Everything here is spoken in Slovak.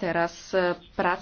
Teraz eh, prac